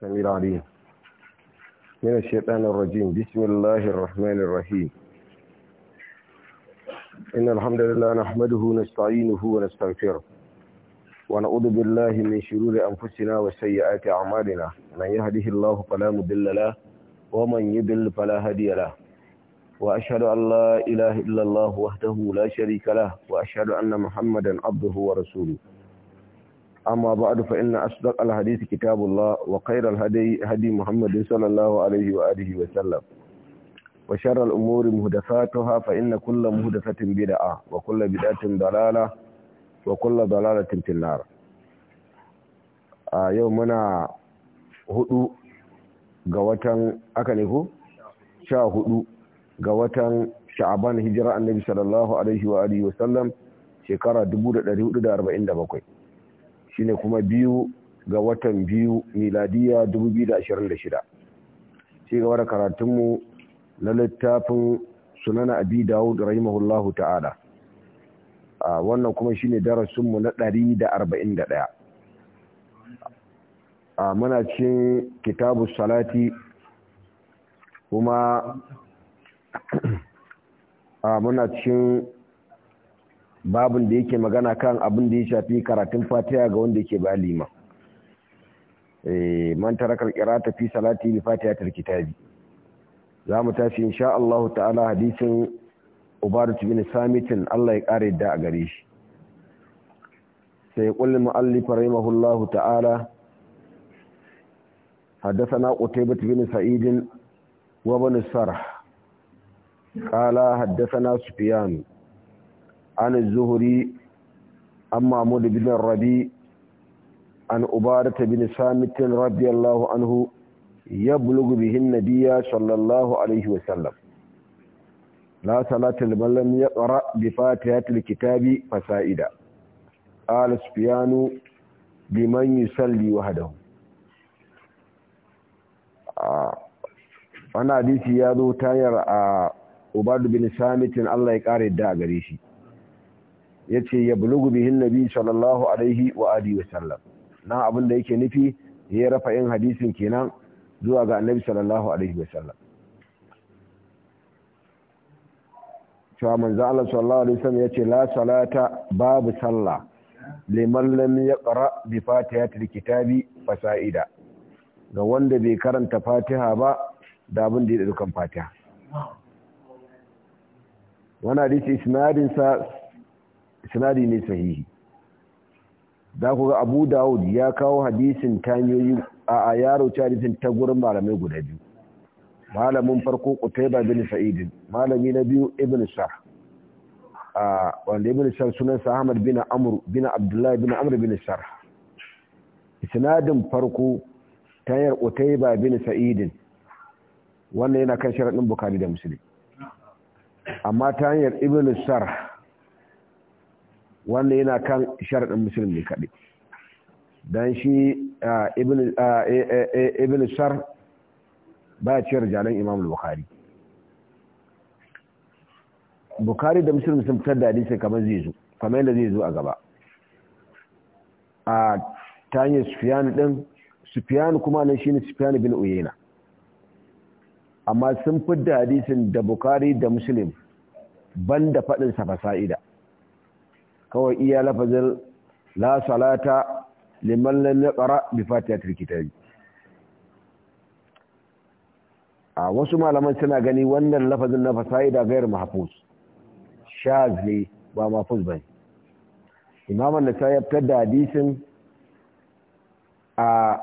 سميع العليم من الشيطان الرجيم بسم الله الرحمن الرحيم إن الحمد لله نحمده ونستعينه ونستغفره ونعوذ بالله من شرور أنفسنا وسيئات أعمالنا من يهده الله فلا مضل له ومن يضل فلا هادي له وأشهد أن لا إله إلا الله وحده لا شريك له وأشهد أن محمدا عبده ورسوله amma ba'du fa inna asdaq al hadith kitabullah wa khayr al hadi hadi muhammad sallallahu alayhi wa alihi wa sallam wa shar al umuri muhdathatuha fa wa kullu bid'atin dalalah wa kullu a yau muna hudu ga watan aka ne ko sha hudu ga watan sha'ban hijra annabi sallallahu alayhi wa alihi shine kuma biyu ga watan biyu miladiya 2026 ci gaba da karatunmu na littafin sunana abi dawud rahimahullahu ta'ala wannan kuma shine darasinmu na 141 a muna cin kitabu salati kuma a muna cin babin da yake magana kan abin da ya shafi karatun fatiha ga wanda yake ba lima eh, man tarakar qira'ata fi salati bi fatihatil kitabi za mu tashi insha Allah ta'ala hadisin Ubadat bin Samitin Allah ya kare da a gare shi sai kullu muallif rahimahullahu ta'ala qutaybah bin sa'id wa ibn sarh qala حدثنا sufyan عن الزهري عن محمود بن الربيع عن عبادة بن سامت رضي الله عنه يبلغ به النبي صلى الله عليه وسلم لا صلاة لمن لم يقرأ بفاتحة الكتاب فسائدا قال سفيان لمن يصلي وحده wannan hadisi ya zo ta hanyar a ubadu bin samitin Allah ya kare da a gare shi yace ya bulugu bihin nabi sallallahu alaihi wa alihi wa sallam na abin da yake nufi ya rafa yin hadisin kenan zuwa ga annabi sallallahu alaihi wa sallam cewa manzo Allah sallallahu alaihi wasallam yace la salata babu sallah liman lam yaqra bi fatihatil kitabi fasaida ga wanda bai karanta fatiha ba da abin da ya dukan fatiha wannan hadisi isnadin sa isnadi ne sahihi da ku ga abu dawud ya kawo hadisin tanyoyi a a yaro hadisin ta gurin malamai guda biyu malamin farko qutayba bin sa'id malami na biyu ibn sah a wanda ibn sah sunan sa ahmad bin amr bin abdullah bin amr bin sah isnadin farko tayar qutayba bin sa'id wannan yana kan sharadin bukhari da muslim amma ta hanyar ibn sah wanda yana kan sharaɗin muslim ne kaɗai don shi ibn shar ba ciyar jalan imam bukhari bukhari da muslim sun fitar da hadisi kamar zai zo kamar yadda zai zo a gaba a ta hanyar sufiyanu ɗin sufiyanu kuma nan shi ne sufiyanu bin uyena amma sun fitar da hadisin da bukhari da muslim ban da faɗinsa fasa'ida kawai iya lafazin la salata liman lam yaqra bi fatihatil kitabi a wasu malaman suna gani wannan lafazin na fasaida gair mahfuz shaz ne ba mahfuz bane imam an-nasai ya fitar da hadisin a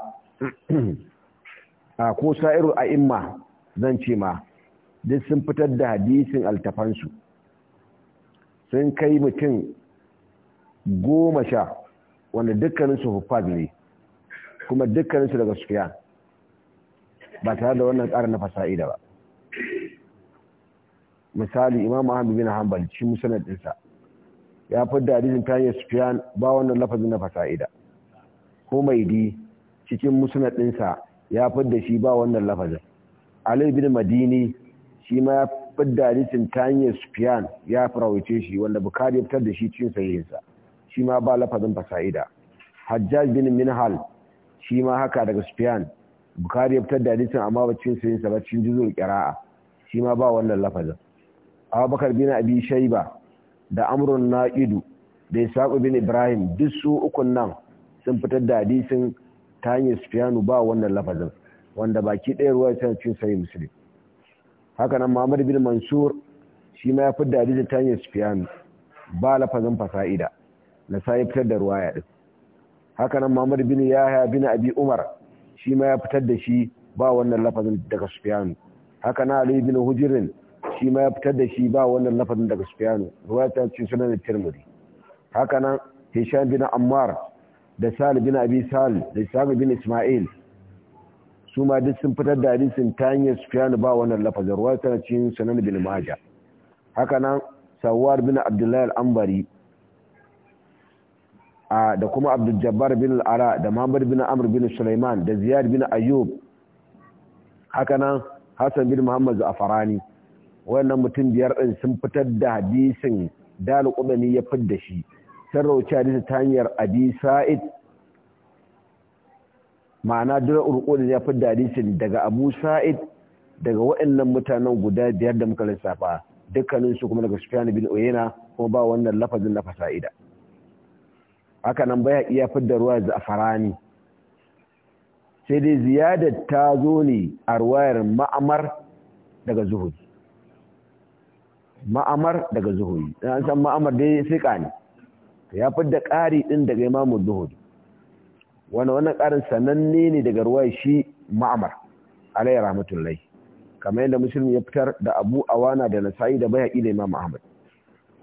a ko sa'iru a imma zan ce ma duk sun fitar da hadisin altafansu sun kai mutum goma sha wanda dukkaninsu hufad ne kuma dukkaninsu daga sufiyan ba tare da wannan ƙara na fasa'ida ba misali imam ahmad bin hanbal shi musnad dinsa ya da hadisin ta hanyar sufiyan ba wannan lafazin na fasa'ida ko di cikin musnad dinsa ya da shi ba wannan lafazin ali bin madini shi ma ya fi da hadisin ta hanyar sufiyan ya farawace shi wanda bukari ya fitar da shi cikin sahihinsa shi ma ba lafazin fasa'ida hajjaj bin minhal shi ma haka daga sufiyan bukari ya fitar da hadisin amma cin sayin sa bacin juzul qira'a shi ma ba wannan lafazin abubakar bin abi shayba da amrun Idu da isaq bin ibrahim duk su ukun nan sun fitar da hadisin ta hanyar sufiyanu ba wannan lafazin wanda baki ɗaya ruwa ya cin sayin musulun haka nan mamar bin mansur shi ma ya fi da hadisin ta hanyar sufiyanu ba lafazin fasa'ida Na sa ya fitar da ruwaya din Hakanan nan Muhammad bin Yahya bin Abi Umar shi ma ya fitar da shi ba wannan lafazin daga Sufyan haka nan Ali bin Hujirin shi ma ya fitar da shi ba wannan lafazin daga Sufyan ruwaya ta cikin sunan Tirmidhi haka nan Hisham bin Ammar da Sal bin Abi Sal da Ishaq bin Ismail su ma duk sun fitar da hadisin ta hanyar Sufyan ba wannan lafazin ruwaya ta cikin sunan Ibn Majah haka nan Sawar bin Abdullahi al-Ambari da kuma abdul jabbar bin al'ara da muhammad bin Amur, bin sulaiman da Ziyar bin ayyub hakanan hassan bin muhammad zafarani wannan mutum biyar ɗin sun fitar da hadisin dalil ƙudani ya fidda shi sun rauci hadisi ta hanyar abi sa'id ma'ana dole ƙudani ya fidda hadisin daga abu sa'id daga waɗannan mutanen guda biyar da muka lissafa dukkaninsu kuma daga sufiyan bin Oyena, kuma ba wannan lafazin na fasa'ida haka nan baya iya fidda ruwa zafarani sai dai ziyadar ta zo ne a ruwayar ma'amar daga zuhuri ma'amar daga zuhuri dan an san ma'amar dai sai ne ya fidda ƙari din daga imamu zuhuri wannan wannan ƙarin sananne ne daga ruwayar shi ma'amar alayhi rahmatullahi kamar yadda musulmi ya fitar da abu awana da nasa'i da bayhaqi da imam ahmad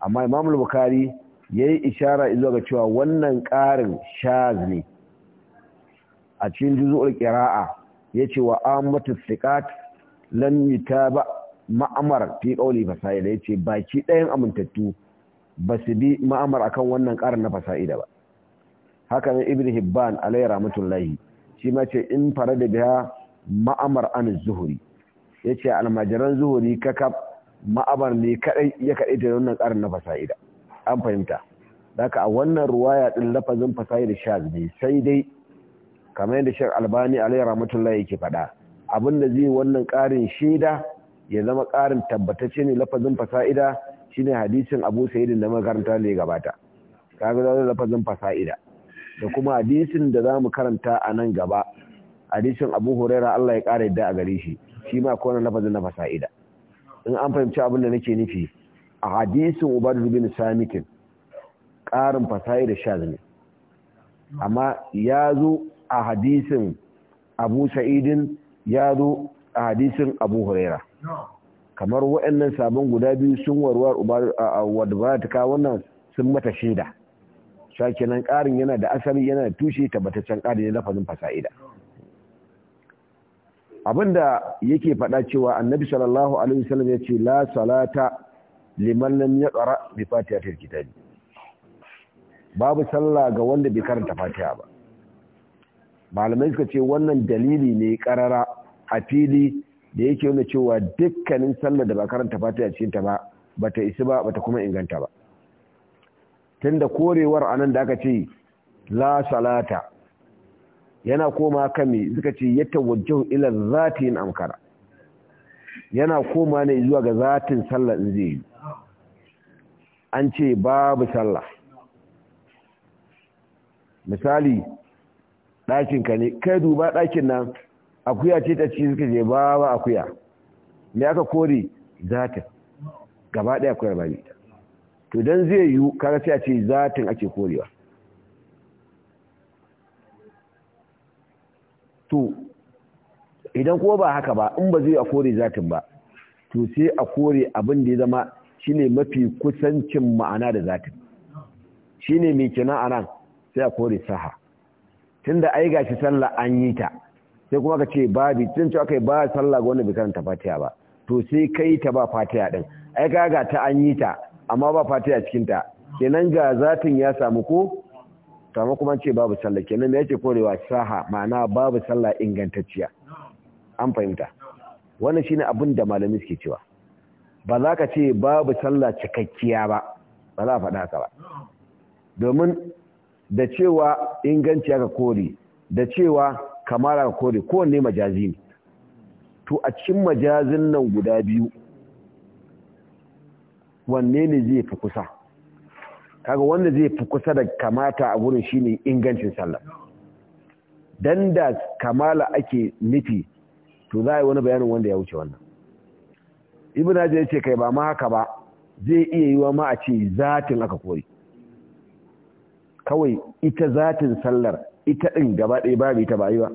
amma imam al-bukhari ya yi ishara izuwa ga cewa wannan ƙarin shaz ne a cikin juzu'ul ƙira'a ya ce wa amatu sikat lam yuta ba ma'amar fi ƙauli fasa'ida ya ce baki ɗayan amintattu ba su bi ma'amar akan wannan ƙarin na fasa'ida ba haka ne ibn hibban alayhi rahmatullahi shi ma ce in fara da biya ma'amar an zuhuri ya ce almajiran zuhuri kakab ma'amar ne kaɗai ya kaɗai da wannan ƙarin na fasa'ida an fahimta daga a wannan ruwaya din lafazin da shaz ne sai dai kamar yadda shek albani alayhi rahmatullahi yake faɗa abinda zai wannan karin shaida ya zama ƙarin tabbatacce ne lafazin fasa'ida shine hadisin abu sa'idin da makaranta ne gabata kaga zai lafazin fasa'ida da kuma hadisin da zamu karanta a nan gaba hadisin abu huraira allah ya ƙara yadda a gare shi shi ma kowane lafazin na fasa'ida in an fahimci abin da nake nufi a hadisin ubadu bin samitin ƙarin fasayi da sha zane amma ya zo a hadisin abu sa'idin ya zo a hadisin abu huraira kamar waɗannan sabon guda biyu sun warwar wadda wannan sun mata shaida nan ƙarin yana da asali yana da tushe tabbataccen ƙarin lafazin fasa'ida abinda yake faɗa cewa annabi sallallahu alaihi wasallam ya ce la salata liman lam yaqra bi fatihatil kitab babu sallah ga wanda bai karanta fatiha ba malamai suka ce wannan dalili ne karara a fili da yake nuna cewa dukkanin sallah da ba karanta fatiha cikin ta ba bata isi ba bata kuma inganta ba tunda korewar anan da aka ce la salata yana koma kami suka ce ya tawajjahu ila zatin amkara yana koma ne zuwa ga zatin sallah in zai yi an ce babu sallah misali ɗakinka ne kai duba ɗakin nan akuya ce ta ci suka je ba akuya me aka kore zatin gaba ɗaya akuyar ba ita to don zai yiwu kaga sai a ce zatin ake korewa to idan kuma ba haka ba in ba zai a kore zatin ba to sai a kore abin da ya zama shine mafi kusancin ma'ana da zatin shine mai kina anan sai a kore saha tunda ai gashi sallah an yi ta sai kuma ka ce babi tun cewa kai ba sallah ga wanda bai karanta fatiha ba to sai kai ta ba fatiha din ai ka ga ta an yi ta amma ba fatiha cikin ta kenan ga zatin ya samu ko kama kuma ce babu sallah kenan me yake korewa saha ma'ana babu sallah ingantacciya an fahimta wannan shine abin da malami suke cewa ba za ka ce babu sallah cikakkiya ba ba za a faɗa ka ba domin da cewa inganci aka kore da cewa kamar aka kore kowanne majazi ne to a cikin majazin nan guda biyu wanne ne zai fi kusa kaga wanda zai fi kusa da kamata a wurin shine ingancin sallah dan da kamala ake nufi to za a yi wani bayanin wanda ya wuce wannan ibn hajar ya ce kai ba ma haka ba zai iya yiwa ma a ce zatin aka kori kawai ita zatin sallar ita ɗin gaba ɗaya ba ita ba bayi ba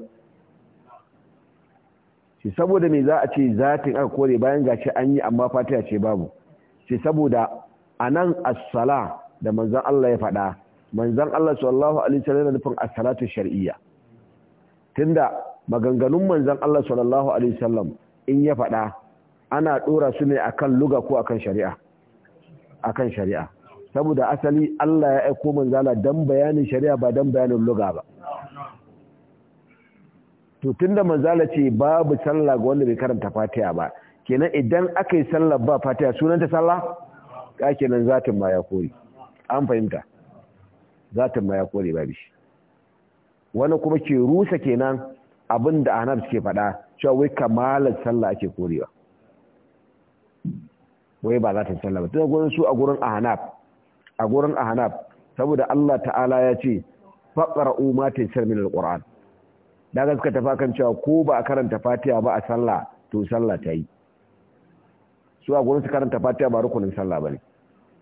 shi saboda me za a ce zatin aka kori bayan gashi an yi amma fatiha ce babu shi saboda a nan assala da manzan Allah ya faɗa manzan Allah sallallahu alaihi wasallam yana nufin as shar'iyya tunda maganganun manzan Allah sallallahu alaihi wasallam in ya faɗa ana dora su ne akan luga ko akan shari'a akan shari'a saboda asali Allah ya aiko manzala dan bayanin shari'a ba dan bayanin luga ba to tunda manzala ce babu sallah ga wanda bai karanta fatiha ba kenan idan aka yi sallah ba fatiha sunanta sallah ka kenan zatin ma ya kore an fahimta zatin ma ya kore ba bishi wani kuma ke rusa kenan abinda da suke faɗa cewa wai kamalar sallah ake korewa wai ba za ta sallah ba gurin su a gurin ahnaf a gurin ahnaf saboda Allah ta'ala ya ce faqra'u ma taysar min alquran da gaska ta fakan cewa ko ba a karanta fatiha ba a sallah to sallah ta yi su a gurin su karanta fatiha ba rukunin sallah bane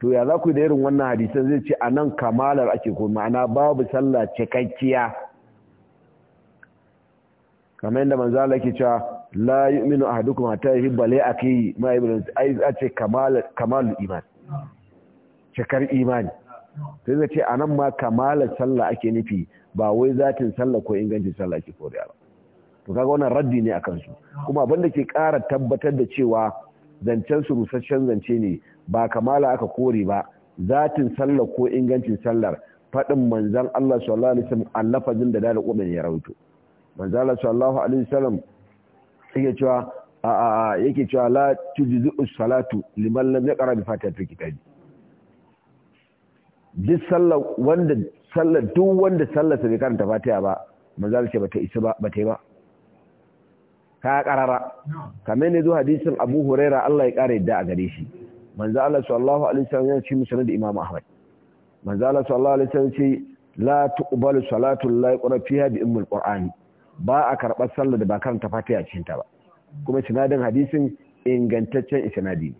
to ya za ku da irin wannan hadisan zai ce a nan kamalar ake ko ma'ana babu sallah cikakkiya kamar yadda manzo Allah yake cewa la yu'minu ahadukum hatta yuhibba li akhihi ma yu'minu ai a ce kamal kamalul iman cikar imani sai zai ce anan ma kamalar sallah ake nufi ba wai zatin sallah ko ingancin sallah ake koriya ba to kaga wannan raddi ne akan su kuma abin da ke kara tabbatar da cewa zancen su rusasshen zance ne ba kamala aka kore ba zatin sallah ko ingancin sallar faɗin manzan Allah sallallahu alaihi wasallam allafazin da da da ya rawuto manzan Allah sallallahu alaihi wasallam yake cewa a yake cewa la tujzu salatu liman lam yaqra bi fi kitabi duk sallar wanda sallar duk wanda sallar sa bai karanta fatiha ba manzo ce bata isa ba bata yi ba ka karara kamar ne zo hadisin Abu Huraira Allah ya kare yadda a gare shi manzo Allah sallallahu alaihi wasallam ya ce musnad Imam Ahmad manzo Allah sallallahu alaihi wasallam ce la tuqbalu salatu la yaqra fiha bi ummul qur'ani ba a karɓar sallah da ba karanta Fatiya a ta ba kuma sinadin hadisin ingantaccen isnadi ne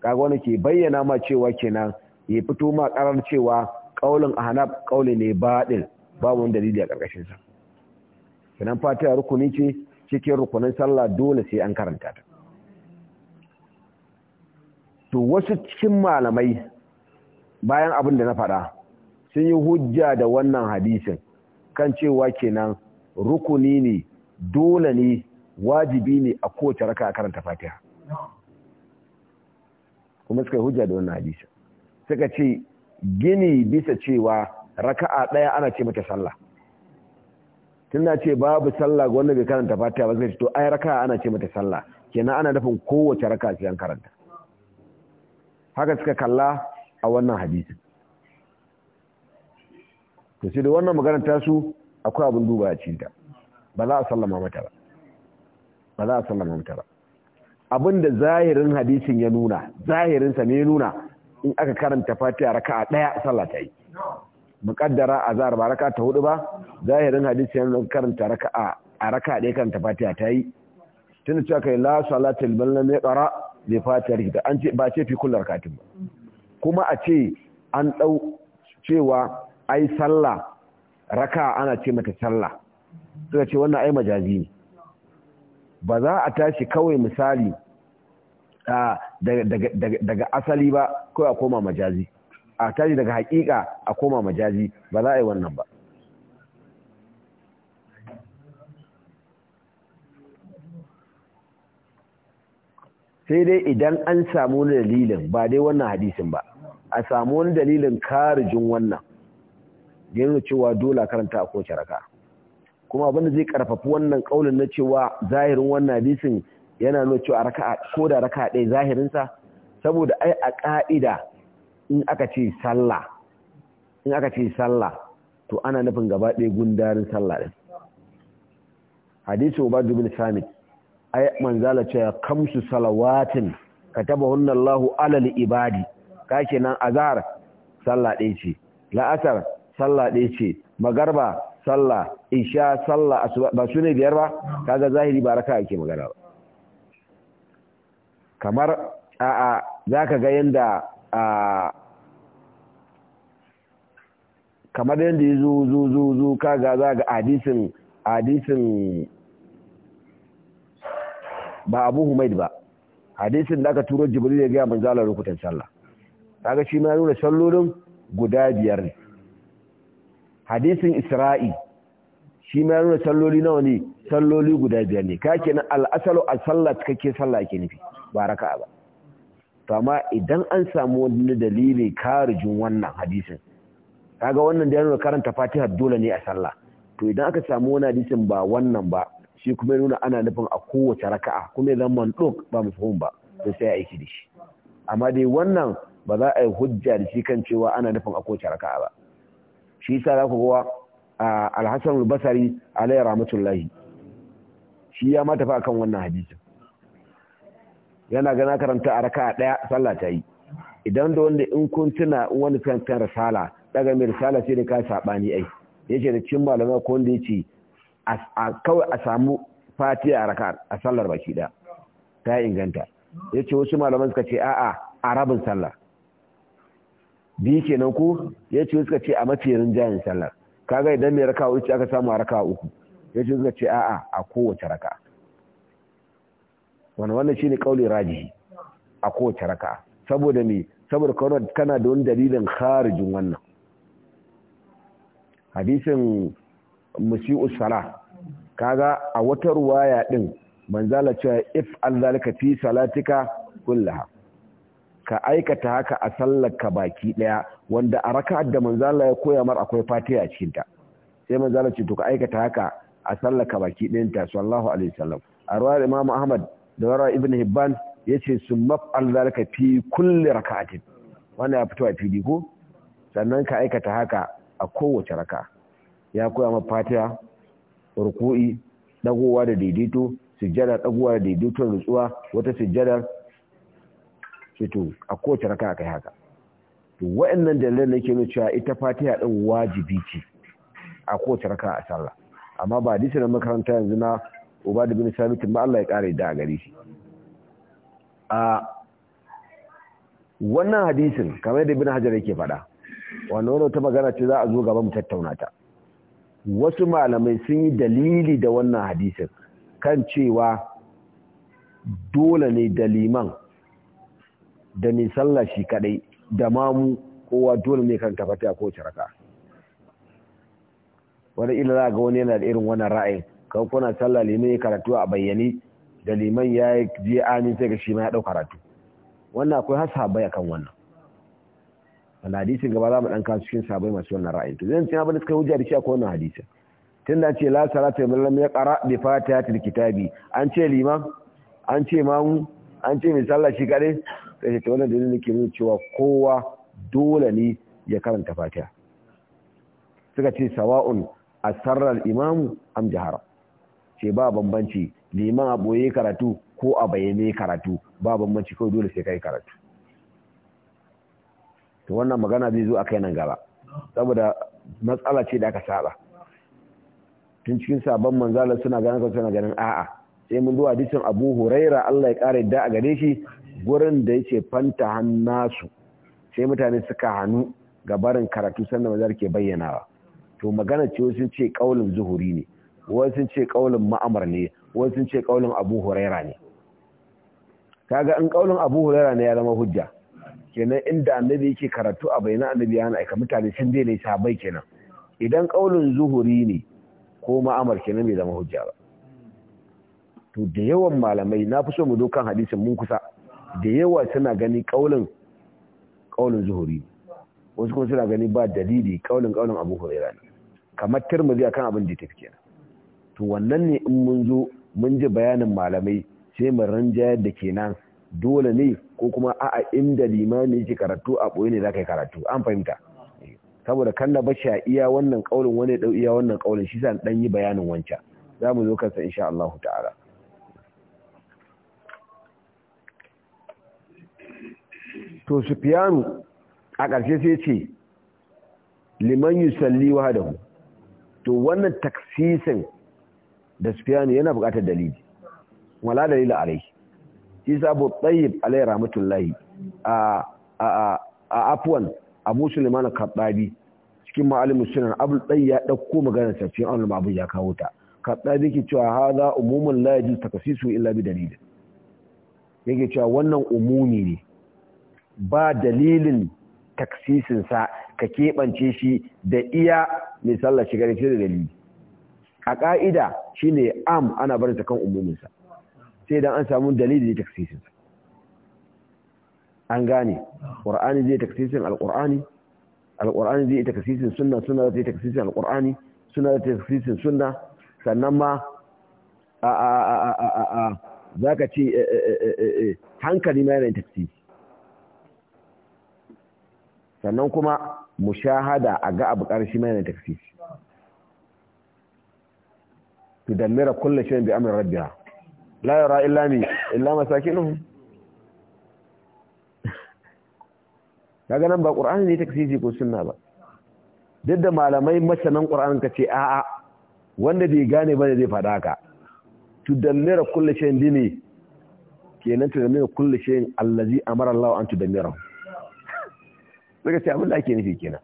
kaga wani ke bayyana ma cewa kenan ya fito ma karar cewa kaulin ahnab kauli ne baɗin ba wani dalili a karkashin sa kenan fatiya rukuni ce cikin rukunin sallah dole sai an karanta ta to wasu cikin malamai bayan abin da na faɗa sun yi hujja da wannan hadisin kan cewa kenan rukuni ne dole ne wajibi ne a kowace raka a karanta fatiha kuma suka yi hujja da wannan hadisi suka ce gini bisa cewa raka'a daya ana ce mata sallah tun na ce babu sallah ga wanda bai karanta fatiha ba zai to ai raka'a ana ce mata sallah kenan ana nufin kowace raka sai an karanta haka suka kalla a wannan hadisi to sai da wannan magana ta su akwai abin duba a cinta ba za a sallama mata ba ba za a sallama mata ba abin da zahirin hadisin ya nuna zahirinsa ne ya nuna in aka karanta fatiha raka'a daya sallah ta yi muqaddara azhar ba raka'a ta hudu ba zahirin hadisin ya nuna karanta raka'a a raka'a daya karanta fatiha ta yi da cewa kai la salata liman lam yaqra bi fatiha da an ce ba ce fi kullar katin ba kuma a ce an dau cewa ai sallah raka ana ce mata sallah suka ce wannan ai majazi ne ba za a tashi kawai misali daga asali ba kawai a koma majazi a tashi daga hakika a koma majazi ba za a yi wannan ba sai dai idan an samu wani dalilin ba dai wannan hadisin ba a samu wani dalilin karijin wannan da yana cewa dole karanta a kowace raka kuma abinda zai karfafi wannan kaulin na cewa zahirin wannan hadisin yana nuna cewa raka ko da raka ɗaya zahirinsa? saboda ai a ka'ida in aka ce sallah in aka ce sallah to ana nufin gaba ɗaya gundarin sallah din hadisi ubadu bin samit ai manzala cewa kamsu salawatin katabahunna hunnallahu alal ibadi kake nan azhar sallah ɗaya ce la'asar sallah ɗaya ce magarba sallah isha sallah ba su ne biyar ba kaga zahiri ba raka ake magana ba kamar za ka ga yadda a kamar yanda ya zo zo kaga za ga adisin adisin ba abu humaid ba hadisin da aka turo jibril ya gaya manzalar rukutan sallah kaga shi ma nuna sallolin guda biyar ne hadisin isra'i shi ma nuna salloli nawa ne salloli guda biyar ne ka kenan al'asalu a sallah cikakke sallah ke nufi ba raka'a ba to amma idan an samu wani dalili karijin wannan hadisin kaga wannan da yana karanta fatiha dole ne a sallah to idan aka samu wani hadisin ba wannan ba shi kuma nuna ana nufin a kowace raka'a kuma idan man duk ba mafhum ba to sai aiki da shi amma dai wannan ba za a yi hujja da shi kan cewa ana nufin a kowace raka'a ba shi yasa za ku gowa alhassan albasari alayhi rahmatullahi shi ya mata fa kan wannan hadisi yana gana karanta a raka daya sallah ta yi idan da wanda in kun tuna wani kan risala daga mai risala sai da ka sabani ai yace da cin malama ko wanda yace a kawai a samu Fati a raka a sallar baki daya ta inganta Ya ce wasu malaman suka ce a'a a rabin sallah biyu kenan ko ya ce suka ce a mafiyarin jayin sallar kaga idan mai raka uku aka samu a raka uku ya ce suka ce a'a a kowace raka Wani wannan shi ne kauli rajihi a kowace raka saboda me saboda kana da wani dalilin harijin wannan hadisin musi'u sala kaga a wata ruwaya din manzala cewa if an zalika fi salatika kullaha ka aikata haka a sallar ka baki daya wanda a raka'ar da Manzala ya koya mar akwai fatiha a cikin ta sai manzo Allah ce to ka aikata haka a sallar baki dayan ta sallallahu alaihi wasallam a rawar Imam Ahmad da wara Ibn Hibban yace summa al zalika fi kulli raka'atin wannan ya fito a fili ko sannan ka aikata haka a kowace raka ya koya mar fatiha ruku'i dagowa da daidaito sujjada dagowa da daidaito rutsuwa wata sujjadar sai to a kowace raka kai haka to wa'annan dalilan nake nuna cewa ita fatiha din wajibi ce a kowace raka a sallah amma ba hadisi na makaranta yanzu na ubadu bin sabit ba Allah ya kare da gare shi a wannan hadisin kamar da ibn hajar yake faɗa wannan wani ta magana ce za a zo gaba mu tattauna ta wasu malamai sun yi dalili da wannan hadisin kan cewa dole ne da liman da mai sallah shi kadai da mamu kowa dole ne kan tafata ko raka wani ila za ga wani yana da irin wannan ra'ayin kan kuna sallah liman ya karatu a bayyane da liman ya je amin sai ga shi ma ya dau karatu wannan akwai har sahabbai akan wannan wanda hadisin gaba za mu dan kasu cikin sabai masu wannan ra'ayin to zan ce abin da suka hujja da shi akwai wannan hadisin da ce la salata liman lam yaqra bi fatihatil kitabi an ce liman an ce mamu an ce misali sallah shi kare sai ta wannan dalilin ke nuna cewa kowa dole ne ya karanta fatiha suka ce sawa'un asarrar imamu am jahara ce ba bambanci liman a boye karatu ko a bayyane karatu ba bambanci kawai dole sai kai karatu to wannan magana zai zo akai nan gaba saboda matsala ce da aka saba tun cikin sabon manzala suna ganin suna ganin a'a sai mun zo hadisin abu huraira Allah ya ƙara da a gare shi gurin da yace fanta hannasu sai mutane suka hannu ga barin karatu sannan mazar ke bayyanawa to magana ce wasu ce kaulin zuhuri ne wasu ce kaulin ma'amar ne wasu ce kaulin abu huraira ne kaga in kaulin abu huraira ne ya zama hujja kenan inda annabi yake karatu a bayyana annabi ya aika mutane sun daina sabai kenan idan kaulin zuhuri ne ko ma'amar kenan bai zama hujja ba to da yawan malamai na fi so mu dokan hadisin mun kusa da yawa suna gani kaulin kaulin zuhuri wasu kuma suna gani ba dalili kaulin kaulin abu huraira ne kamar tirmidhi akan abin da tafi kenan to wannan ne in mun zo mun ji bayanin malamai sai mu ranja da kenan dole ne ko kuma a'a inda Limani yake karatu a boye ne zaka yi karatu an fahimta eh. saboda kan na bashi a iya wannan kaulin wani dau iya wannan kaulin shi sa dan yi bayanin wancan mu zo kansa insha Allah ta'ala to sufiyanu a ƙarshe sai ce liman yi salli wahdahu to wannan taksisin da sufiyanu yana buƙatar dalili wala dalila rai. isa bu tayyib alai rahmatullahi a a a abu suleiman kaddabi cikin ma'alimin sunan abu tsayi ya ɗauko maganar tafiyan an abu ya kawo ta kaddabi ke cewa haza umuman la yajuz takasisu illa bi dalilin. yake cewa wannan umumi ne ba dalilin taksisinsa ka keɓance shi da iya mai sallar shiga da da dalili a ƙa'ida shi ne am ana barin ta kan umuminsa sai don an samu dalilin da taksisinsa an gane ƙor'ani zai taksisin al’ur'ani, al’ur'ani zai taksisin suna suna zai taksisin alƙur'ani suna zai taksisin suna sannan ma a a a a a za ka ce eh, eh, eh, hankali a a a sannan kuma mu shahada a ga abu ƙarshi mai na tafi su dammira kulle shi bi amin rabbiya la yara illa mi illa masakinuhum kaga nan ba qur'ani ne taksisi ko suna ba duk da malamai masanan ƙura'an ka ce a'a wanda bai gane bane zai faɗa ka tudammira kullu shay'in dini kenan tudammira kullu shay'in allazi amara Allah an dammira daga ce abin da ake nufi kenan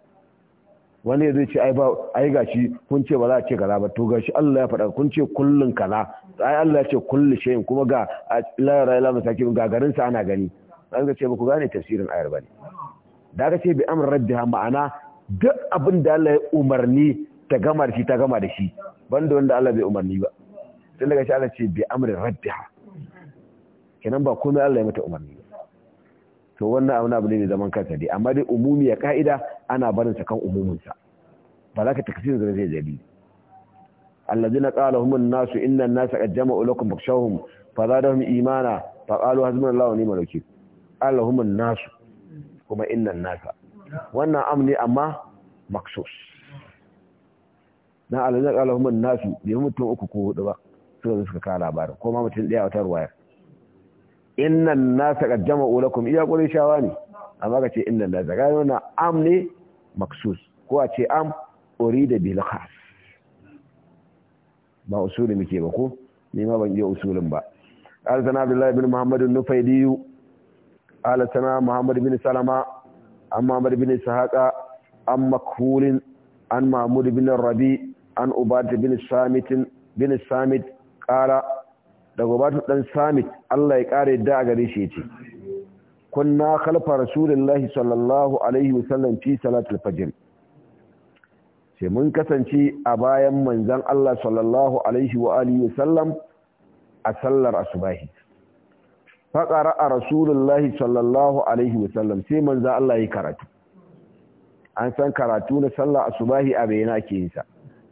wani ya zai ce ai ba ai gashi kun ce ba za a ce kaza ba to gashi Allah ya faɗa kun ce kullun kaza ai Allah ya ce kullu shay'in kuma ga la ilaha illa masakin ga garin sa ana gani an ga ce ba ku gane tafsirin ayar bane da ka ce bi amr rabbiha ma'ana duk abin da Allah ya umarni ta gama da shi ta gama da shi banda wanda Allah bai umarni ba sai daga shi Allah ce bi amr rabbiha kenan ba komai Allah ya mata umarni to wannan abu abu ne da zaman kansa dai amma dai umumi ya ka'ida ana barin sa kan umuminsa ba za ka takasir da zai jadi allazina qala humun nasu inna an-nasa qad jama'u lakum fa zadahum imana faqalu hasbunallahu wa ni'mal wakeel allahum nasu kuma inna an-nasa wannan amni amma maksus na allazina qala humun nasu bi mutum uku ko hudu ba suka zo suka kawo labarin ko ma mutum daya wata ruwaya innan nasa ga jama’o lakum iya ƙunin shawa ne amma ka ce innan nasa ga yana am ne maksus ko a ce am ori da bi lakas ba usuli muke ba ko ma ban iya usulin ba alisana abdullahi bin muhammadu nufaidiyu alisana muhammadu bin salama an muhammadu bin sahaka an makhulin an muhammadu bin rabi an ubadu bin samit kara daga batu dan samit Allah ya kare da a gare shi yace kunna khalfa rasulillahi sallallahu alaihi wasallam fi salatul fajr sai mun kasance a bayan manzon Allah sallallahu alaihi wa alihi wasallam a sallar asubahi faqara rasulullahi sallallahu alaihi wasallam sai manzon Allah ya karatu an san karatu na sallar asubahi a bayyana ke yin sa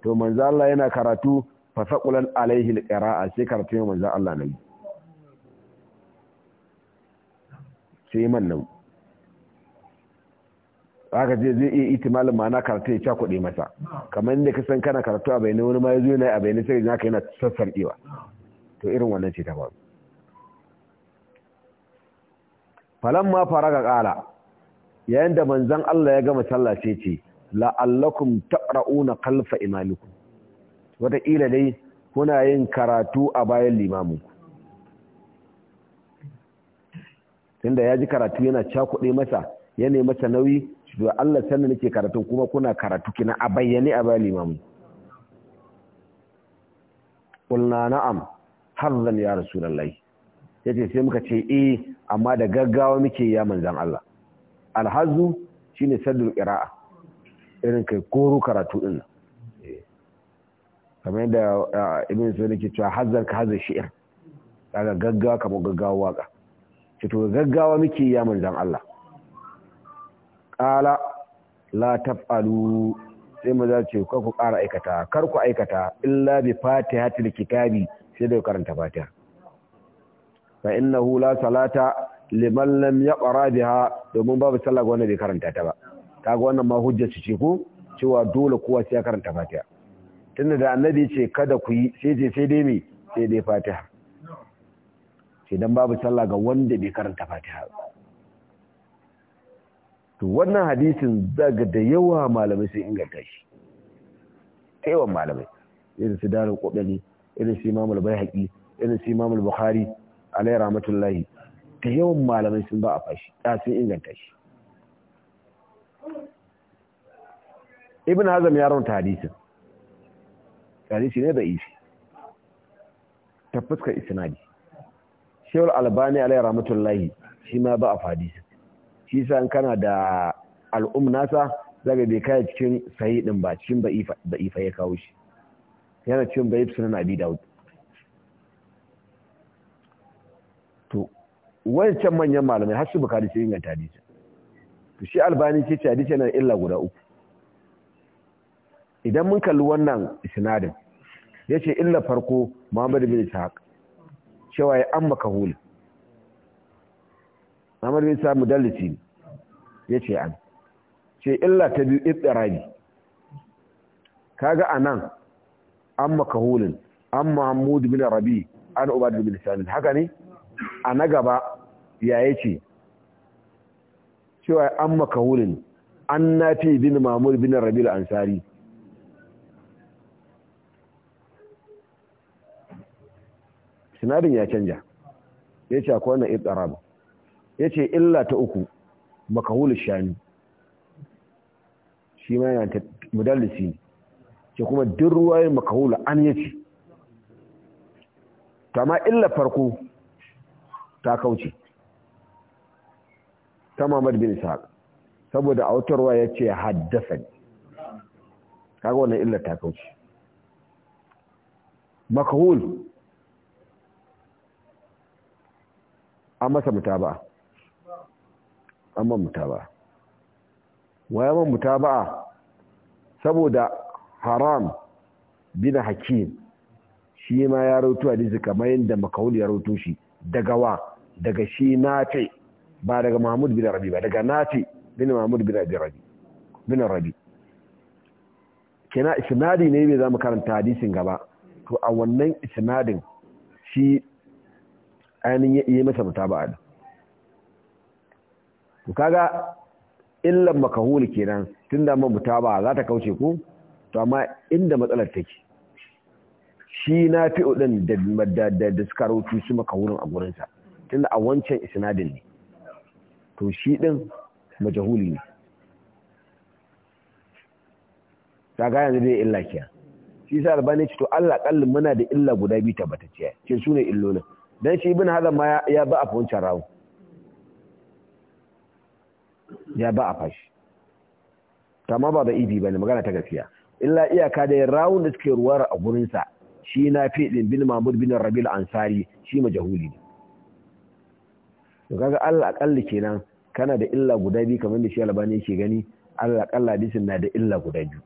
to manzon Allah yana karatu fa saqulat alaihi alqira'a sai karatun manzon Allah nayi sai man nan haka je zai iya itimalin ma'ana karatu ya cakuɗe masa kamar inda ka san kana karatu a bayanai wani ma ya zo na a bayanai sai zaka yana sassarɗewa to irin wannan ce ta faru Falon ma fara ga ƙala yayin da manzan Allah ya gama sallah sai ce la'allakum taqra'una khalfa imamikum wataƙila dai kuna yin karatu a bayan Limaminku. tunda ya ji karatu yana cakuɗe masa ya nemi masa nauyi to Allah sannan nake karatu kuma kuna karatu kina a bayyane a bayan limamin ƙulna na'am har zan ya ya yace sai muka ce e amma da gaggawa muke ya manzan Allah alhazu shine saddul ƙira'a irin kai koro karatu din kamar yadda ibn sa'id ke cewa hazar ka hazar shi'ir daga gaggawa kamar gaggawa waka ce to gaggawa muke ya manzan Allah ƙala la taf'alu sai maza ce kar ku ƙara aikata kar ku aikata illa bi fatihatil kitabi sai da karanta fatiha fa innahu hula salata liman lam yaqra biha domin babu sallah wanda bai karanta ta ba kaga wannan ma hujja ce ko cewa dole kowa sai ya karanta fatiha tunda da annabi ce kada ku yi sai ce sai dai me sai dai fatiha sai dan babu sallah ga wanda bai karanta fatiha to wannan hadisin daga da yawa malamai sun inganta shi yawan malamai irin su darul qudani irin su imamul bayhaqi irin su imamul bukhari alayhi rahmatullahi da yawan malamai sun ba a fashi da sun inganta shi ibn hazm ya raunta hadisin shi ne da isi ta fuskar isinadi shewar albani ramatun rahmatullahi shi ma ba a fadi shi sa kana da al'um nasa zaga bai kai cikin sahi din ba cikin ba ifa ya kawo shi yana cikin bayif sunan abi daud to wancan manyan malamai har su bukari sai inganta hadisi to shi albani ce ce hadisi yana illa guda uku idan mun kalli wannan isinadin. Ya ce illa farko Muhammadu bin Ishaq cewa ya amma kahul Muhammadu bin Ishaq mudallisi ce an ce illa ta biyu ittirabi kaga anan amma kahulun amma Mahmud bin Rabi an Ubad bin ishaq haka ne a na gaba ya ce. cewa amma kahulun an nafi bin Mahmud bin Rabi al-Ansari sinadin ya canja ya ce akwai wannan ba ya ce illa ta uku makahulu shani shi ma yana ta, mudallisi ne ce kuma duk maka makahulu an ya ce ta ma illa farko ta kauce ta mamad bin ishaq saboda autarwa ya ce haddasa ne kaga wannan illa ta kauce makahulu an masa mutaba an man mutaba ya man mutaba saboda haram bina hakim shi ma ya rautu hadisi kamar yadda makahul ya rautu shi daga wa daga shi na ce, ba daga mahmud bin rabi ba daga ce bin mahmud bin rabi bin rabi kina isnadi ne bai mu karanta hadisin gaba to a wannan isnadin shi ainihin yi masa mutaba'a da to kaga illan makahuli kenan tunda ma mutaba'a za ta kauce ku to amma inda matsalar take shi na fi ɗin da suka rautu su makahulin a gurinsa tunda a wancan isnadin ne to shi ɗin majahuli ne ta yanzu dai illa kiya shi sa albani ce to Allah kallin muna da illa guda biyu tabbatacciya ce su ne illolin dan shi ibn hazan ma ya ba a wancan rawu ya ba a fashi kama ba da ibi bane magana ta gafiya. illa iyaka da rawun da suke ruwar a gurinsa shi na fi ɗin bin mahmud bin rabil ansari shi jahuli ne Da kaga Allah akalli kenan kana da illa guda biyu kamar da shi albani yake gani Allah akalla hadisin na da illa guda biyu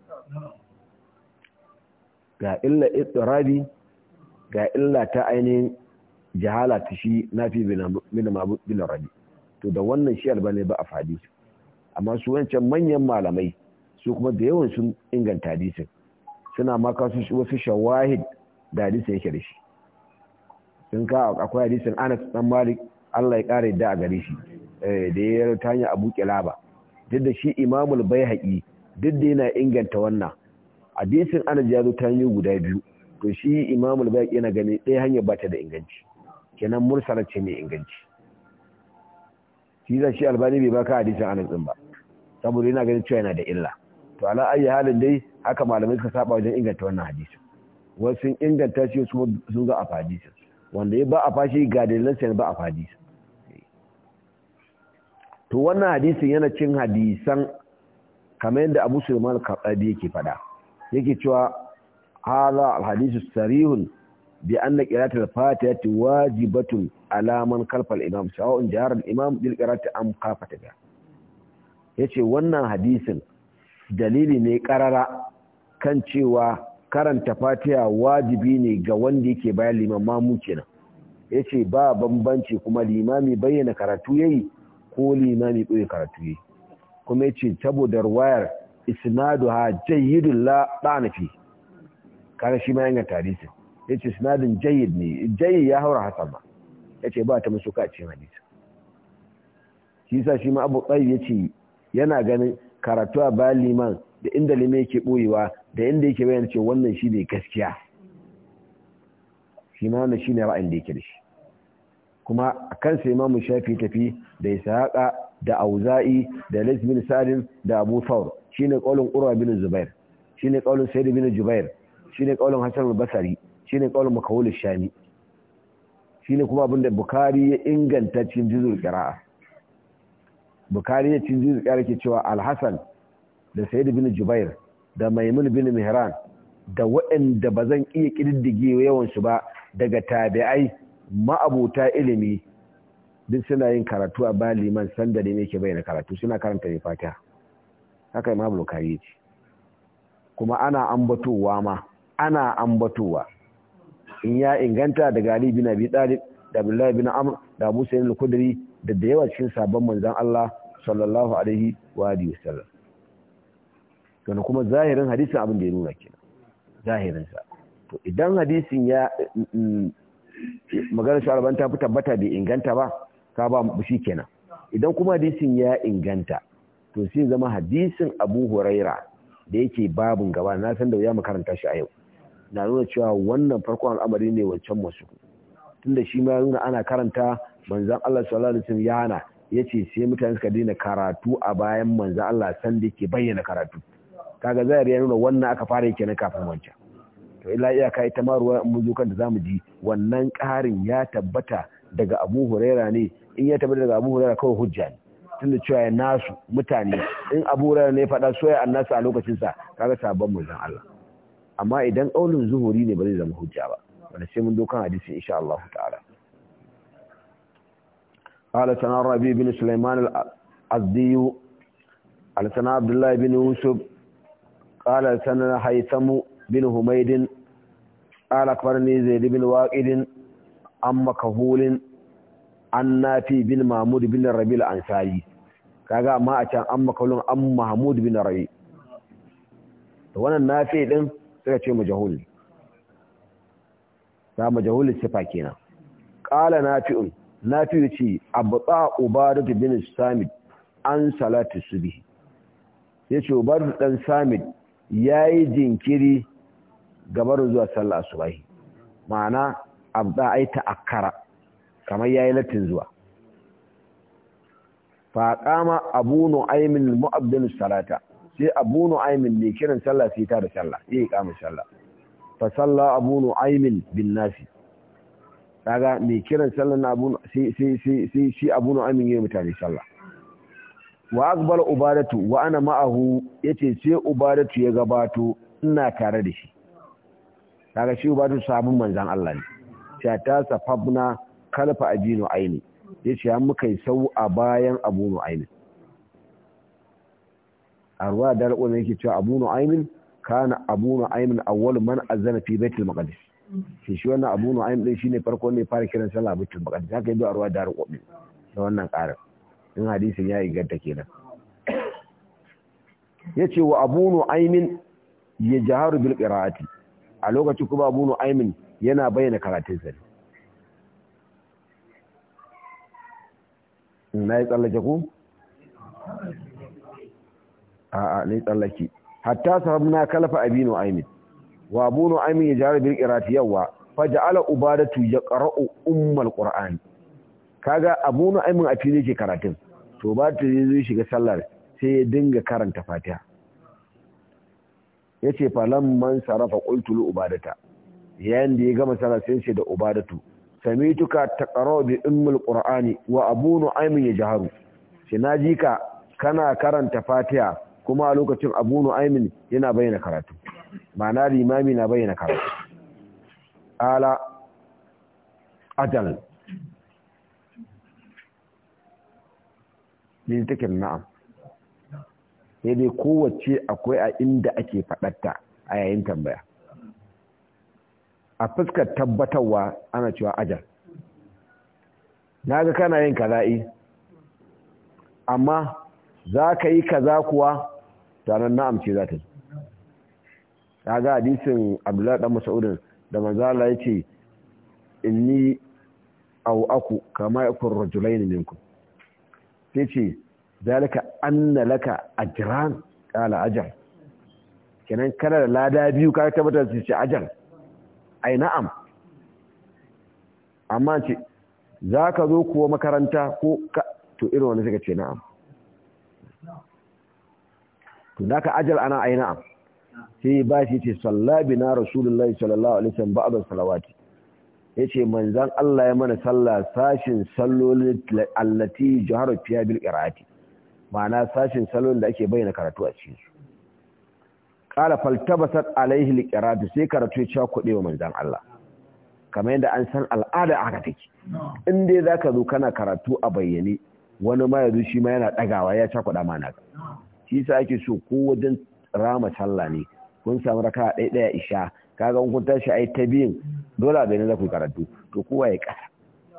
ga illa rabi ga illa ta ainihin jahala ta shi fi bin mabu bin rabi to da wannan shi albani ba a fadi amma su wancan manyan malamai su kuma da yawan sun inganta hadisin suna maka wasu shawahid da hadisin yake da shi sun ka akwai hadisin Anas dan Malik Allah ya kare da a gare shi eh, da ya ta Abu Kilaba duk da shi Imamul Baihaqi duk da yana inganta wannan hadisin Anas ya zo ta guda biyu to shi Imamul Baihaqi yana gani ɗaya hanyar ba ta da inganci kenan mursala ce mai inganci shi zai shi albani bai baka hadisin anan din ba saboda yana ganin cewa yana da illa to ala ayi halin dai haka malamai suka saba wajen inganta wannan hadisin wasu sun inganta shi sun ga a hadisin wanda ya ba a fashi ga dalilan sai ba a hadisin to wannan hadisin yana cin hadisan kamar yadda Abu Sulaiman al-Qadi yake fada yake cewa hadha al sarihun بأن anna الفاتحة واجبة على من خلف الإمام سواء imam الإمام للقراءة أم imam bil qira'ati yace wannan hadisin dalili ne karara kan cewa karanta fatiha wajibi ne ga wanda yake bayan liman mamu kenan yace ba bambanci kuma limami bayyana karatu yayi ko limami ɓoye karatu yayi kuma yace saboda ruwayar isnaduha jayyidul la danafi kaga shi ma yanga tarihi yace sinadin jayyid ne jayyid ya haura hasan ba yace ba ta musuka a cikin shi sa shi ma Abu ya ce yana ganin karatu a liman da inda lime yake ɓoyewa da inda yake bayan ce wannan shi ne gaskiya shi ma wannan ne ra'ayin da yake da shi kuma kan sai mu Shafi tafi da Isaqa da Auza'i da Lays bin Salim da Abu Shi ne ƙaunin Urwa bin Zubair ne kaulin Sa'id bin Jubair shine kaulin Hasan al basari shine qaulul makawul shami shine kuma abin da bukari ya inganta cin juzul qira'a bukhari ya cin juzul qira'a ke cewa al-hasan da sayyid bin jubair da maimun bin mihran da waɗanda ba zan iya yawan su ba daga tabi'ai ma'abuta ilimi duk suna yin karatu a baliman liman sanda ne yake bayyana karatu suna karanta ne fatiha haka imam bukari ce kuma ana ambatowa ma ana ambatowa in ya inganta daga Ali bin Abi Talib da Abdullahi bin Amr da musa Sa'id al da da yawa cikin sabon manzon Allah sallallahu alaihi wa alihi wasallam to kuma zahirin hadisin abin da ya nuna kenan zahirin sa to idan hadisin ya maganar shu'arban ta fi tabbata bai inganta ba ka ba shi kenan idan kuma hadisin ya inganta to sai zama hadisin Abu Huraira da yake babun gaba na san da ya makaranta shi a yau na nuna cewa wannan farkon al'amari ne wancan wasu tunda shi ma nuna ana karanta manzan Allah sallallahu alaihi wasallam ya hana yace sai mutane suka daina karatu a bayan manzan Allah san da yake bayyana karatu kaga zai ya nuna wannan aka fara yake ne kafin wancan to illa iyaka ita ma ruwa mun zo kan da zamu ji wannan ƙarin ya tabbata daga Abu Huraira ne in ya tabbata daga Abu Huraira kawai hujja ne tunda cewa ya nasu mutane in Abu Huraira ne faɗa soyayya annasa a lokacin sa kaga sabon manzan Allah amma idan ƙaunin zuhuri ne ba zai zama hujja ba wanda sai mun dokan hadisi insha Allah ta'ala قال سنا ربي بن سليمان الأزدي قال سنا عبد الله بن يوسف قال سنا هيثم بن حميد قال أخبرني زيد بن واقد عن مكهول عن نافي بن محمود بن kaga amma a can amma makalun amma mahmud bin rabi wannan nafi din sai ce majahul ta majahul sifa kenan qala nafi'un nafi'u ce abda ubadatu bin samid an salatu subhi yace ubadatu dan samid yayi jinkiri gabar zuwa sallah subahi ma'ana abda ai akara kamar yayi latin zuwa fa qama abu aymin mu'addin salata sai abu nu'aymin ne kiran sallah sai ta da sallah sai iqamar sallah fa salla abu nu'aymin bin nasi kaga me kiran sallah na abu sai sai sai shi abu nu'aymin ya mutane sallah wa akbar ubadatu wa ana ma'ahu yace sai ubadatu ya gabato ina tare da shi kaga shi ubadatu sabon manzon Allah ne ta ta safabna kalfa ajinu aini yace an muka yi sau a bayan abu nu'aymin a ruwa da alƙon yake cewa abu nu'aymin kana abu nu'aymin awwal man azana fi baitul maqdis shi shi wannan abu nu'aym din shine farko ne fara kiran sallah baitul maqdis haka yadda a ruwa da alƙon da wannan ƙarin in hadisin ya inganta kenan yace wa abu nu'aymin yajharu bil qira'ati a lokacin kuma abu Aimin yana bayyana karatun sa na yi tsallake ku a'a ne tsallake hatta sahabna kalfa abinu aimin wa abunu aimin ya jara bil qirati yawa faja'ala ubadatu yaqra'u ummal qur'an kaga abunu aimin a fili yake karatun to ba ta zai shiga sallar sai ya dinga karanta fatiha yace lam man sarafa qultu li ubadata yayin da ya gama sallar sai ce da ubadatu samituka taqra'u bi ummul qur'ani wa abunu aimin ya jaharu sai naji ka kana karanta fatiha kuma a lokacin abu nu'aimin yana bayyana karatu ma'ana limami na bayyana karatu ala ajal ne take na'am sai dai kowace akwai a inda ake faɗatta a yayin tambaya a fuskar tabbatarwa ana cewa ajal na ga kana yin kaza'i eh. amma za ka yi kaza kuwa ranar na'am ce za ta zo Ya ga hadisin abdullahi dan masaudin da manzala ya ce inni au aku kama ya kun ne minku ce zalika anna laka ajran ƙala ajar kenan kana da lada biyu ka tabbatar su ce ajar ai na'am amma ce za ka zo kuwa makaranta ko ka? to irin wani suka ce na'am to da ka ajal ana ai na'am sai ba shi ce sallabi na rasulullahi sallallahu alaihi wasallam ba'da salawati yace manzan Allah ya mana salla sashin sallolin allati jaharu fiya bil qira'ati ma'ana sashin sallolin da ake bayyana karatu a cikin su qala faltabasat alaihi al qira'atu sai karatu ya kuɗe wa manzan Allah kamar yadda an san al'ada haka take in dai zaka zo kana karatu a bayyane wani ma ya zo shi ma yana dagawa ya cakuɗa mana ka shi sa ake so ko wajen rama sallah ne kun samu raka ɗaya ɗaya isha kaga kun tashi ai ta biyun dole bai ne za ku karatu to kowa ya ƙasa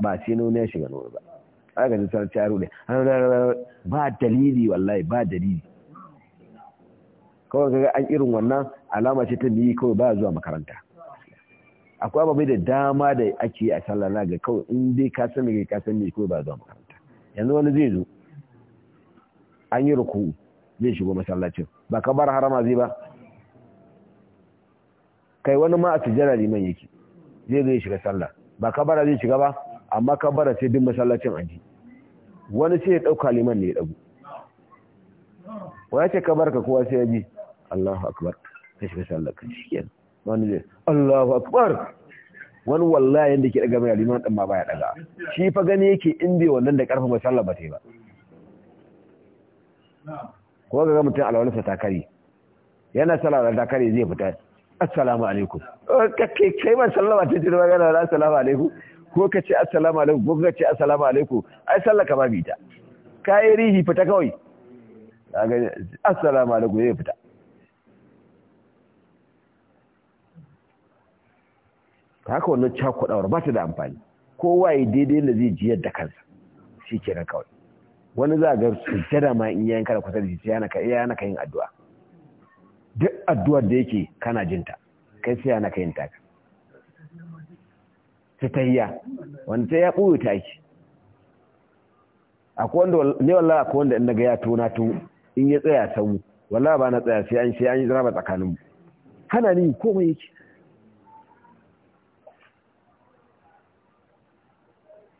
ba sai nuna ya shiga nuna ba aka ji sanar ta rude ba dalili wallahi ba dalili kawai kaga an irin wannan alama ce ta miyi kawai ba zuwa makaranta akwai ababai da dama da ake yi a sallah na ga kawai in dai ka san me ka san me kawai ba zuwa makaranta yanzu wani zai zo an yi ruku zai shigo masallacin ba ka bar harama zai ba kai wani ma a tijjara liman yake zai zai shiga sallah ba kabara zai shiga ba amma kabara sai duk masallacin aji wani sai ya dauka liman ne ya dago waya ce bar ka kowa sai ya ji Allahu akbar ka shiga sallah ka shigen wani zai Allahu akbar wani wallahi yadda ke daga mai liman din ma baya daga shi fa gani yake inda wannan da karfin masallah ba tai ba ko ga mutum alwalarsa ta takari yana sallah da kare zai fita assalamu alaikum oh, kake kai ma sallama ta jira yana da assalamu alaikum ko ka ce assalamu alaikum ko ka ce assalamu alaikum ai sallah ka ba ta kai rihi fita kawai kaga assalamu alaikum zai fita haka wannan cakudawar ba ta da amfani kowa ya daidai da zai jiyar da kansa shi kenan kawai wani za ga sujjada ma in yayin kana kusa da shi yana ka yana ka yin addu'a duk addu'ar da yake kana ta, kai sai yana ka yin ta ta tayya wanda sai ya ɓoye ta ki akwai wanda ne wallahi akwai wanda in naga ya tona to in ya tsaya sau wallahi ba na tsaya sai an sai an yi zama tsakaninmu hana ni komai yake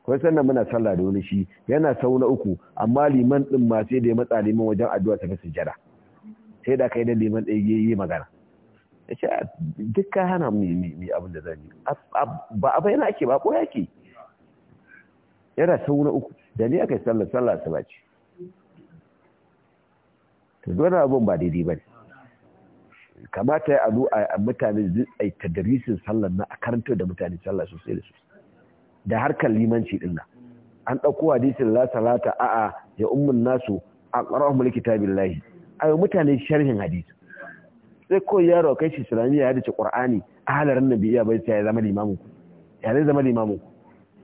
wai sannan muna sallah da wani shi yana sau na uku amma liman din ma sai da ya matsa liman wajen addu'a ta jara. sai da kai da liman ɗaya ya yi magana ya ce ah, duk ka hana mu yi abin da zan yi ba a bayyana ake ba ko yake yana sau na uku da ni aka yi sallah sallah ba ce to dole abun ba daidai ba ne kamata ya alu a mutane zai tadarisin sallar na a karanta da mutane sallah sosai da sosai da harkar limanci din an ɗauko hadisin la salata a'a ya ummun nasu a ƙarahun kitabillahi ayo mutane sharhin hadisi sai ko yaro kai shi islamiyya ya dace qur'ani a halarin nabi ya bai sai ya zama limamin ya zai zama limamin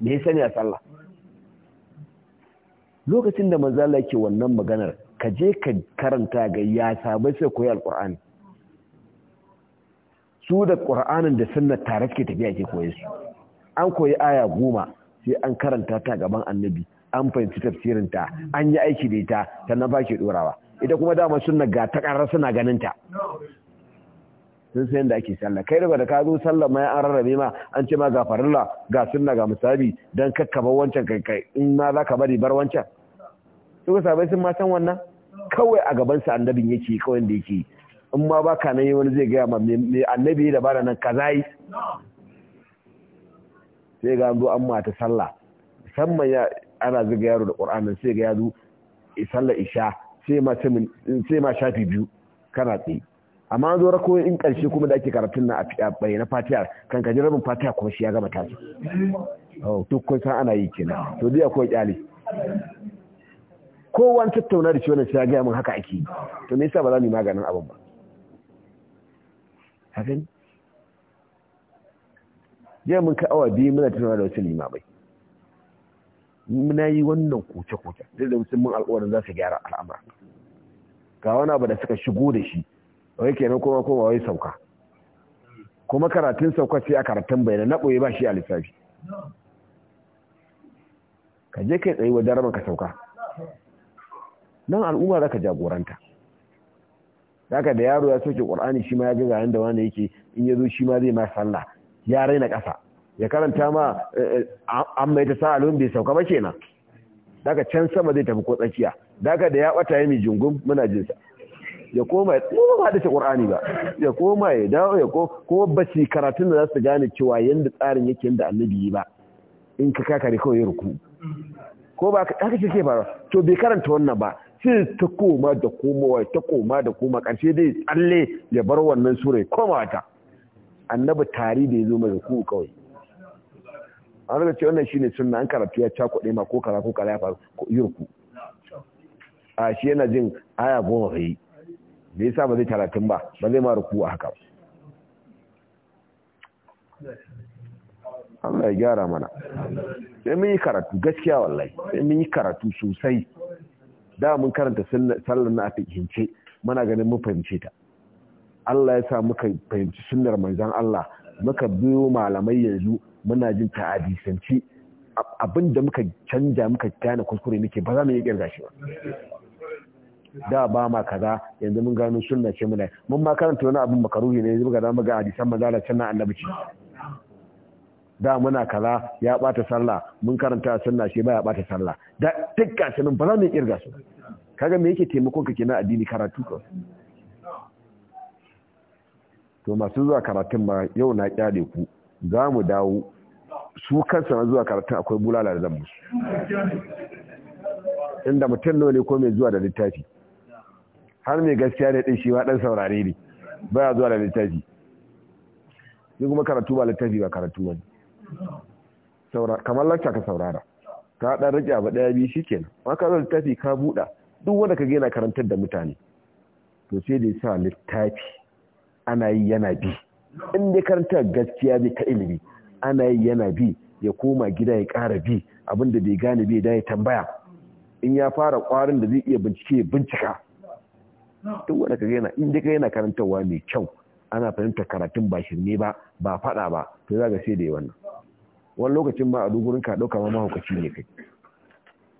me ya sani a sallah lokacin da manzo Allah yake wannan maganar ka je ka karanta ga ya sabai sai koyi alqur'ani su da qur'anin da sunna tare suke tafiya ke koyi su an koyi aya goma sai an karanta ta gaban annabi an fahimci tafsirin ta an yi aiki da ita ta na ba ke dorawa ita kuma dama sunna ga ta karar suna ganin ta sun sayan da ake sallah kai daga da ka zo sallah ma an rarrabe ma an ce ma ga farilla ga sunna ga musabi dan kakkaba wancan kai kai in ma ka bari bar wancan su ka sabai sun ma wannan kawai a gaban sa annabin yake kawai da yake in ma ba ka nan yi wani zai gaya ma annabi da ba da nan kaza zai sai ga an zo an mata sallah musamman ya ana zuga yaro da ƙur'anin sai ga ya zo sallar isha sai ma shafi biyu kana tsaye amma an zo rako in ƙarshe kuma da ake karatun na a bayyana fatiya kan kaji rabin fatiya kuma shi ya gama tashi oh, duk kun san ana yi kenan to dai akwai kyale kowan tattauna da shi wannan sai ya gaya min haka ake yi to me yasa ba za mu yi maganin abin ba jiya mun kai awa biyu muna tunawa da wasu limamai muna yi wannan koce-koce duk da musulmin al'uwarin za su gyara al'amura ga wani abu da suka shigo da shi wai kenan kuma kuma wai sauka kuma karatun sauka sai a karatun bai na ɓoye ba shi a lissafi ka je kai tsaye wajen raman ka sauka nan al'umma za ka jagoranta ka da yaro ya soke ƙur'ani shi ma ya ga yadda wani yake in ya zo shi ma zai ma sallah ya raina ƙasa ya karanta ma eh, eh, an mai ta sa'alun bai sauka ba nan daga can sama zai tafi ko tsakiya daga da ya bata ya mai muna jinsa ya koma ya tsoma ba da ta ƙur'ani ba ya koma ya dawo ya ko ba su karatun da za su gane cewa yadda tsarin yake yadda annabi ba in ka ne kawai ya ruku ko ba haka ce ke faru to bai karanta wannan ba sai ta koma da komawa ta koma da koma ƙarshe dai tsalle ya bar wannan sura ya koma ta annabi tari da ya zo mai ku kawai an rika wannan wannan shine sunna an karatu ya cakwa ma ko kara ko kara ya faru ko yurku a shi yana jin aya goma fa yi ya yasa ba zai talatin ba ba zai ma ruku a haka Allah ya gyara mana sai mun yi karatu gaskiya wallahi sai mun yi karatu sosai da mun karanta sallar na a fikince mana ganin mun fahimce ta Allah ya sa muka fahimci sunnar manzon Allah muka biyo malamai yanzu muna jin ta hadisanci abin da muka canja muka gane kuskure muke ba za mu yi kirga shi ba da ba ma kaza yanzu mun gano sunna ce muna mun ma karanta wani abin makaruhi ne yanzu muka da ga hadisan manzala can na annabi ce da muna kaza ya bata sallah mun karanta sunna shi ya bata sallah da dukkan sunan ba za mu kirga su kaga me yake taimakon ka kenan addini karatu ka to masu zuwa karatun ma yau na kyale ku za mu dawo su kansa na zuwa karatun akwai bulala da zan inda mutum nawa ne ko mai zuwa da littafi har mai gaskiya ne din shi ma dan saurare ne baya zuwa da littafi ni kuma karatu ba littafi ba karatu wani saura kamar lacca ka saurara ka dan rike abu daya biyu shikenan ma ka zo littafi ka buɗa duk wanda ka gina karantar da mutane to sai da sa littafi ana yi yana bi in dai karanta gaskiya bai ta ilimi ana yi yana bi ya koma gida ya ƙara bi abin da bai gane bai da ya tambaya in ya fara ƙwarin da zai iya bincike bincika duk wanda kaga yana in dai yana karantarwa mai kyau ana fahimtar karatun ba shirme ba ba faɗa ba to za ka sai da yi wannan wani lokacin ba a dogurin ka ɗauka ma mahaukaci ne kai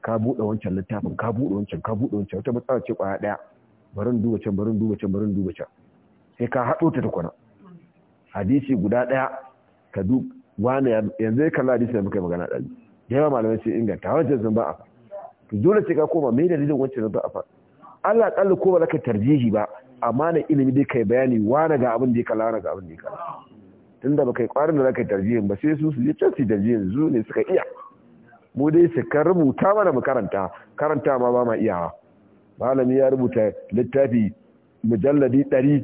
ka buɗe wancan littafin ka buɗe wancan ka buɗe wancan wata matsala ce ƙwaya ɗaya barin duba can barin duba can barin duba can sai ka haɗo ta tukuna hadisi guda ɗaya ka duk wani yanzu ya kalla hadisi da muka yi magana ɗari da yawa malamai sun inganta wancan sun ba a fa to dole sai ka koma me dalilin wancan sun ba a fa Allah kalli ko ba za ka tarjihi ba amma na ilimi dai kai bayani wani ga abin da ya kalla wani ga abin da ya kalla tunda ba kai kwarin da za ka yi tarjihin ba sai su su je can su tarjihin su ne suka iya mu dai su kan rubuta mana mu karanta karanta ma ba ma iyawa malami ya rubuta littafi mujalladi ɗari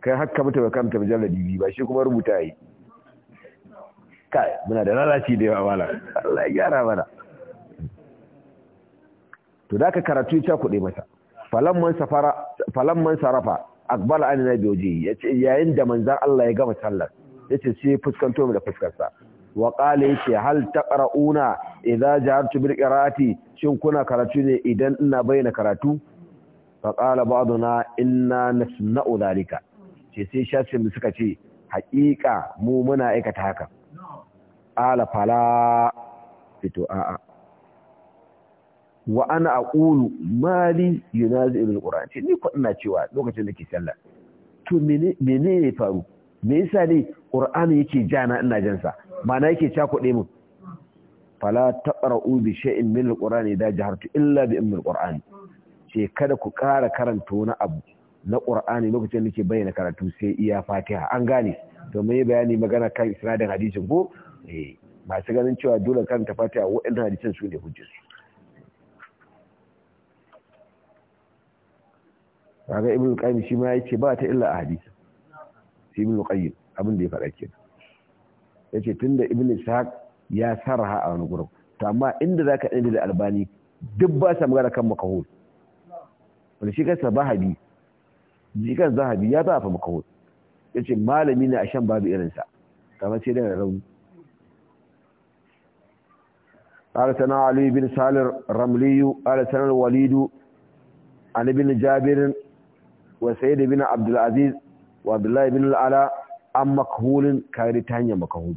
kai haka mutu ba karanta mujallar dibi ba shi kuma rubuta yi kai muna da lalaci da yawa mala Allah ya gyara mana to da ka karatu ya kuɗe falan man Sarafa, akbala an na biyoji ya ce yayin da manzan Allah ya gama sallar ya ce sai fuskanto mu da fuskarsa wa qala ya ce hal taqrauna idza jahartu bil qirati shin kuna karatu ne idan ina bayyana karatu fa qala ba'duna inna nasna'u zalika ce sai shafin suka ce haƙiƙa mu muna aikata haka ala fala fito a'a wa ana aqulu mali yunazi ƙura. Ce ni ko ina cewa lokacin da ke sallah to mene ne faru me yasa ne qur'ani yake jana ina jansa? Mana yake cakuɗe mu fala taqra'u bi sha'in min al ne da tu, illa bi in al-qur'ani ce kada ku ƙara karanta wani abu na ƙur'ani lokacin da ke bayyana karatu sai iya fatiha an gane to mai bayani magana kan isnadin hadisin ko eh, masu ganin cewa dole karanta fatiha waɗannan hadisin su ne hujjarsu kaga ibnu qayyim shi ma yace ba ta illa a hadisi sai ibnu qayyim abin da ya faɗa ke yace tunda ibnu ishaq ya sarha a wani gurin to amma inda zaka inda da albani duk ba sa magana kan makahul wani shi kansa ba hadisi jikan zahabi ya za a fa makahud ya ce malami ne a shan babu irinsa kama ce da rauni arsana Aliyu, bin salir ramliyu arsana walidu an bin jabirin wa sai da bin abdulaziz wa abdullahi bin al'ala an makahulin kari ta hanyar makahud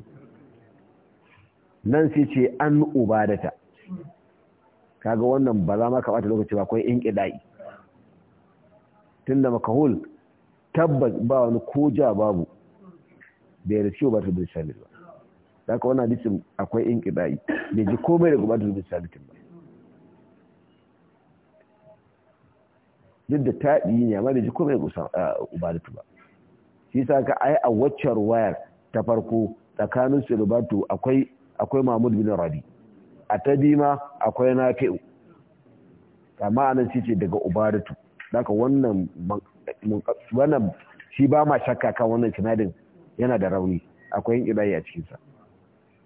nan sai ce an ubadata kaga wannan ba za ma kamata lokaci ba kawai in ƙida'i tunda makahul tabbas ba wani koja babu da ya rasu ba ta bin salis ba da aka wani hadisin akwai in kidayi bai ji komai daga ba ta bin salisin ba duk da yi ne amma bai ji komai da ubadatu ba shi sa ka ai a waccar wayar ta farko tsakanin su rubatu akwai akwai mahmud bin rabi a ta bima akwai na ke. amma anan shi ce daga ubadatu daga wannan wannan shi ba ma shakka kan wannan sinadin yana da rauni akwai yin ƙidayi a cikinsa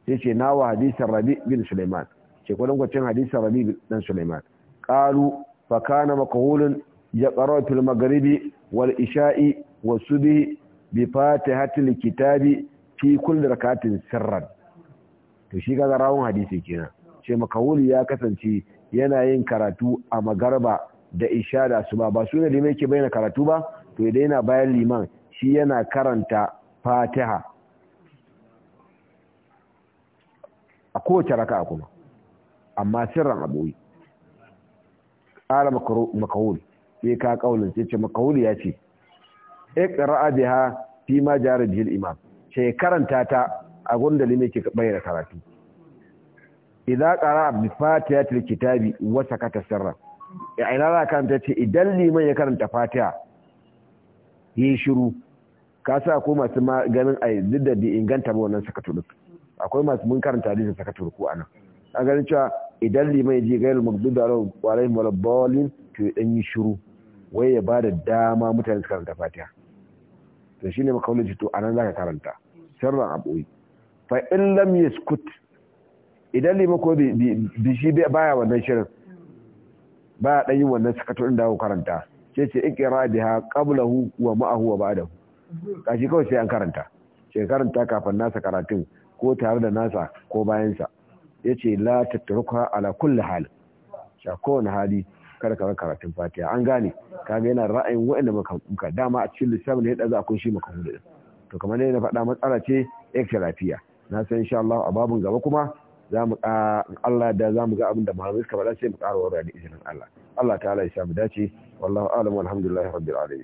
sai ce na wa hadisan rabi bin suleiman ce kwadon kwacin hadisan rabi bin suleiman ƙaru fa kana makahulun ya ƙarar fil magaribi wal isha'i wasu subi bi fatihatil kitabi fi kulli rakatin sirran to shi ga rawun hadisi kenan ce makahuli ya kasance yana yin karatu a magarba da isha da asuba ba su ne limai ke bayyana karatu ba to idan yana bayan liman shi yana karanta fatiha a kowace raka kuma amma sirran aboyi ƙara makahul sai ka kaulin sai ce makahul ya ce iqra biha fi ma jara bihi imam sai karanta ta a gunda limai ke bayyana karatu idza qara bi fatihatil kitabi wa sakata sirran ya ina za karanta ce idan liman ya karanta fatiha ya yi shiru ka sa ko masu ganin a yi da bi inganta ba wannan sakaturuk akwai masu mun karanta hadisin sakaturuku a nan a ganin cewa idan liman ya ji gairar da rau kwarai marabbalin to ya ɗan yi shiru wai ya ba da dama mutane su karanta fatiha to shine ne ce to a nan za ka karanta sirran aboyi fa in lam yaskut idan liman ko bi shi baya wannan shirin ba a ɗan yi wannan sakatorin da aka karanta ce ce ikira biha qablahu wa ma'ahu wa ba'dahu kashi kawai sai an karanta ce karanta kafin nasa karatun ko tare da nasa ko bayan sa yace la tatruka ala kulli hal sha kowane hali kada ka karatun fatiha an gane kaga yana ra'ayin wa'anda muka dama a cikin lissafin da ya a akwai shi maka hudu to kamar ne na faɗa matsala ce ek lafiya. na san insha Allah a babun gaba kuma za mu Allah da za mu ga abin da malamai suka faɗa sai mu ƙara wa da izinin Allah Allah ta'ala ya sa mu dace wallahu a'lam walhamdulillahi rabbil alamin